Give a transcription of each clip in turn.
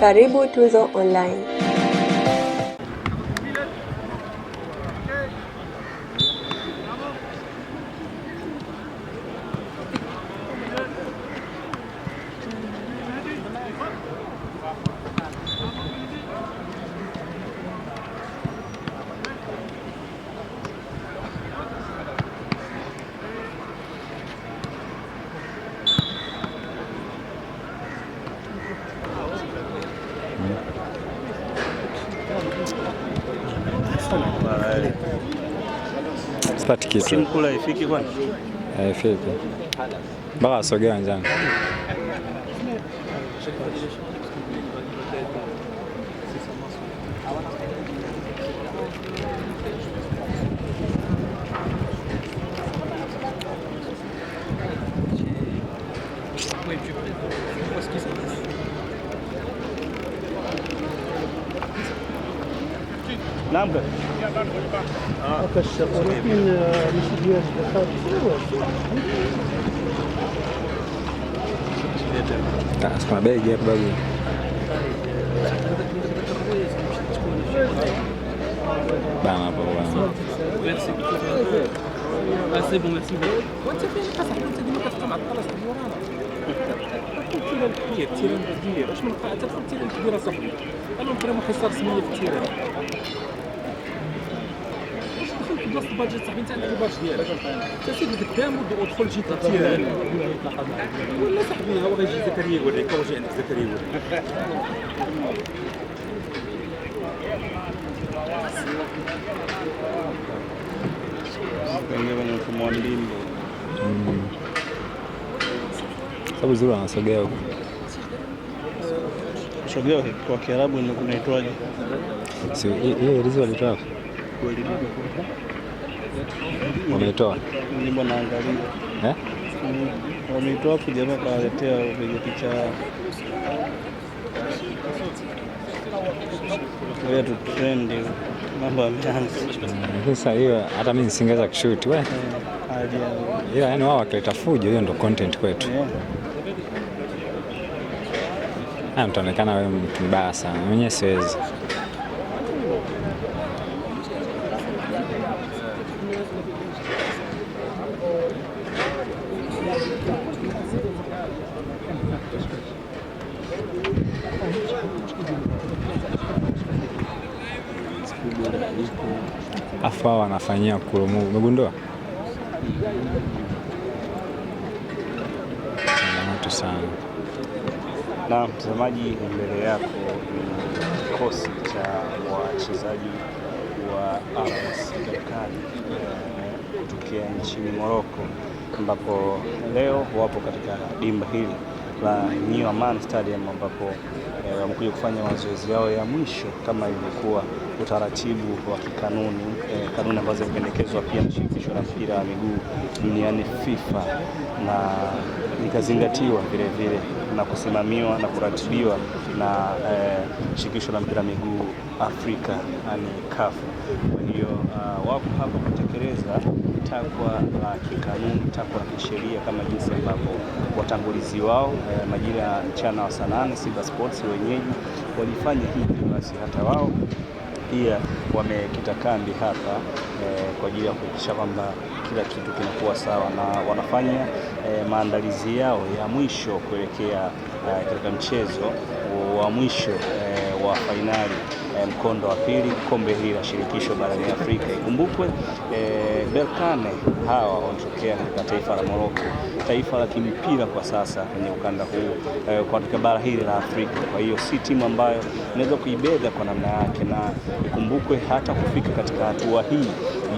Karibu Tuzo Online. sana. Sipati kitu. ifiki bwana. ifiki. Basi sogea wenzangu. نعم كشر ولكن آه، مش الياج بخاطر اسمع باقي جاب باقي بانا بانا ميرسي ميرسي بون ميرسي بون وانت فين كتحط انت ديما كتبقى مع الطراس التيران كبير التيران كبير اش من قاعده تدخل التيران كبير اصاحبي انا كرا محصر سميه في التيران البلاصه باجي صاحبي انت عندك الباجي ديالك تسير لقدام ودخل شي تاثير ولا صاحبي هو غيجي زكريا يوريك واجي عندك زكريا يوريك sababu zuri wanasogea huko sogea kwa Kiarabu unaitwaje? Sio hiyo riziki walitoa wameitoa naangalia eh? Wameitoa kujamaa kawaletea picha vigeti tu tutrendi mambo yameanza. Mm, Sasa hiyo hata mimi nisingeweza kushuti we, hiyo, eh, yani wao wakileta fujo, hiyo ndo content kwetu. Eh. Mtaonekana wewe mtu mbaya sana, mwenyewe siwezi afu hawa wanafanyia kulomu, umegundua changamoto sana. Na mtazamaji, mbele yako ni kikosi cha wachezaji wa RS Berkane eh, kutokea nchini Morocco ambapo leo wapo katika dimba hili la New Aman Stadium ambapo Eh, wamekuja kufanya mazoezi yao ya mwisho kama ilivyokuwa utaratibu wa kikanuni e, kanuni ambazo zimependekezwa pia na shirikisho la mpira wa miguu duniani FIFA, na ikazingatiwa vilevile na kusimamiwa na kuratibiwa na eh, shirikisho la mpira miguu Afrika yani CAF. Kwa hiyo uh, wako hapa kutekeleza takwa la kikanuni, takwa la kisheria kama jinsi ambavyo watangulizi wao eh, majira ya mchana wa saa nane Simba Sports wenyeji walifanya hivi, basi hata wao pia wamekita kambi hapa eh, kwa ajili ya kuhakikisha kwamba kila kitu kinakuwa sawa na wanafanya eh, maandalizi yao ya mwisho kuelekea eh, katika mchezo wa mwisho eh, wa fainali eh, mkondo wa pili kombe hili la shirikisho barani Afrika. Ikumbukwe eh, Berkane hawa wanatokea katika taifa la Morocco taifa la kimpira kwa sasa kwenye ukanda huu eh, katika bara hili la Afrika. Kwa hiyo si timu ambayo inaweza kuibedha kwa namna yake, na ikumbukwe hata kufika katika hatua hii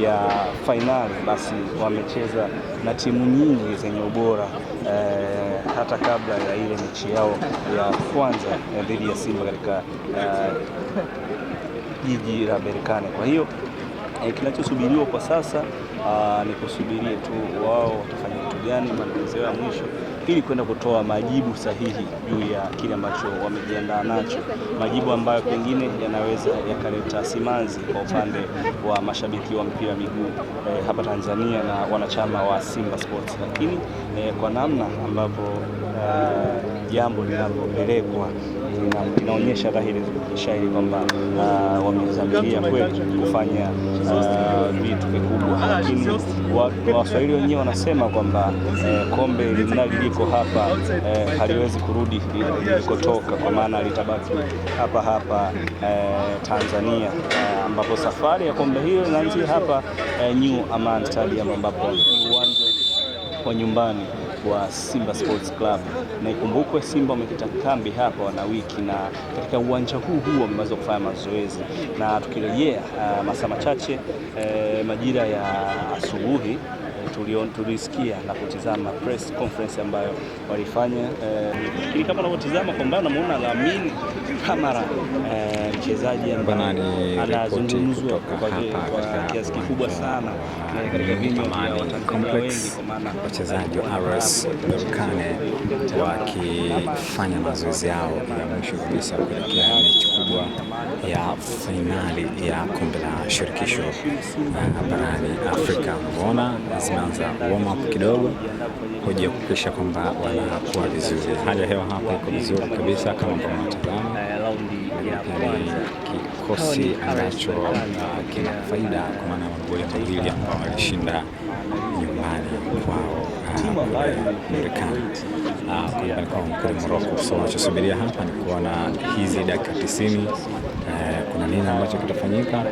ya fainali, basi wamecheza na timu nyingi zenye ubora eh, hata kabla ya ile mechi yao ya kwanza eh, dhidi ya Simba katika eh, jiji eh, la Berkane. Kwa hiyo eh, kinachosubiriwa kwa sasa uh, ni kusubiria tu wao watafanya gani maelekezo ya mwisho, ili kwenda kutoa majibu sahihi juu ya kile ambacho wamejiandaa nacho, majibu ambayo pengine yanaweza yakaleta simanzi kwa upande wa mashabiki wa mpira miguu eh, hapa Tanzania na wanachama wa Simba Sports, lakini eh, kwa namna ambapo eh, jambo eh, inaonyesha dhahiri shahiri kwamba uh, wamezamilia kweli kufanya uh, vitu uh, vikubwa, lakini Waswahili wenyewe wanasema kwamba uh, kombe ilimradi liko hapa uh, haliwezi kurudi ilikotoka kwa maana litabaki hapa hapa uh, Tanzania uh, ambapo safari ya kombe hilo inaanzia hapa uh, New Amaan Stadium ambapo ni uwanja wa nyumbani wa Simba Sports Club, na ikumbukwe Simba wamekita kambi hapa wana wiki, na katika uwanja huu huu wameweza kufanya mazoezi, na tukirejea uh, masaa machache uh, majira ya asubuhi tulisikia na kutizama press conference ambayo walifanya, eh, lakini kama unavyotizama kwa mbali unamuona Lamine Kamara eh, mchezaji ambaye anazungumzwa kwa kiasi kikubwa sana katika vinywa vya Watanzania wengi, kwa maana wachezaji wa RS Berkane wakifanya mazoezi yao ya mwisho kabisa kuelekea mechi kubwa ya fainali ya kombe la shirikisho eh, barani Afrika. Mbona zimeanza warm up kidogo, hoja ya kuhakikisha kwamba wanakuwa vizuri. Hali ya hewa hapa iko vizuri kabisa, kama ambavyo mnatazama kikosi ambacho uh, kina faida kwa maana magoli mawili ambao walishinda nyumbani kwao uh, Marekani uh, kule So nachosubiria hapa ni kuona hizi dakika tisini kuna nini ambacho kitafanyika,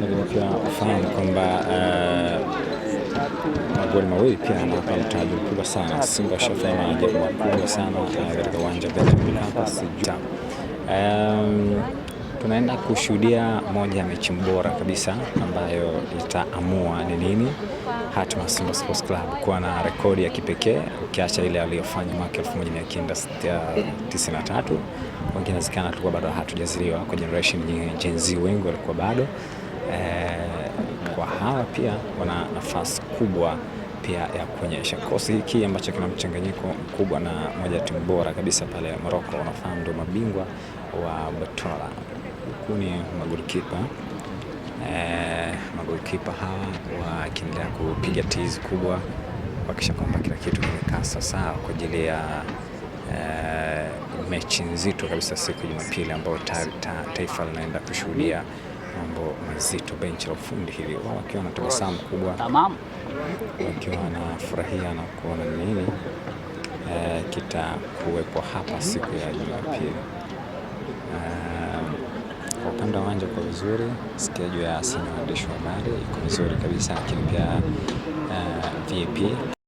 lakini pia ufahamu kwamba magoli mawili pia anawapa mtaji mkubwa sana. Simba Shafema maajabu makubwa sana katika uwanja Benjamin sijui um, tunaenda kushuhudia moja ya mechi bora kabisa ambayo itaamua ni nini hatima Simba Sports Club kuwa na rekodi ya kipekee ukiacha ile aliyofanya mwaka 1993 wengine zikana tulikuwa bado hatujaziliwa kwa generation nyingine, Gen Z wengi walikuwa bado e, kwa hawa pia wana nafasi kubwa pia ya kuonyesha kosi hiki ambacho kina mchanganyiko mkubwa na moja timu bora kabisa pale Morocco, wanafahamu ndio mabingwa wa Botola huku ni magolikipa eh, magolikipa hawa wakiendelea kupiga tizi kubwa kuhakikisha kwamba kila kitu kimekaa sawasawa kwa ajili ya eh, mechi nzito kabisa siku ya Jumapili ambayo ta, ta, taifa linaenda kushuhudia mambo mazito. Benchi la ufundi hili wao wakiwa na tabasamu kubwa, wakiwa wanafurahia na kuona nini eh, kitakuwepo hapa siku ya Jumapili eh, kwa upande wa uwanja uko vizuri, schedule ya Arsenal waandishi wa habari iko vizuri kabisa, lakini pia uh, eh, VIP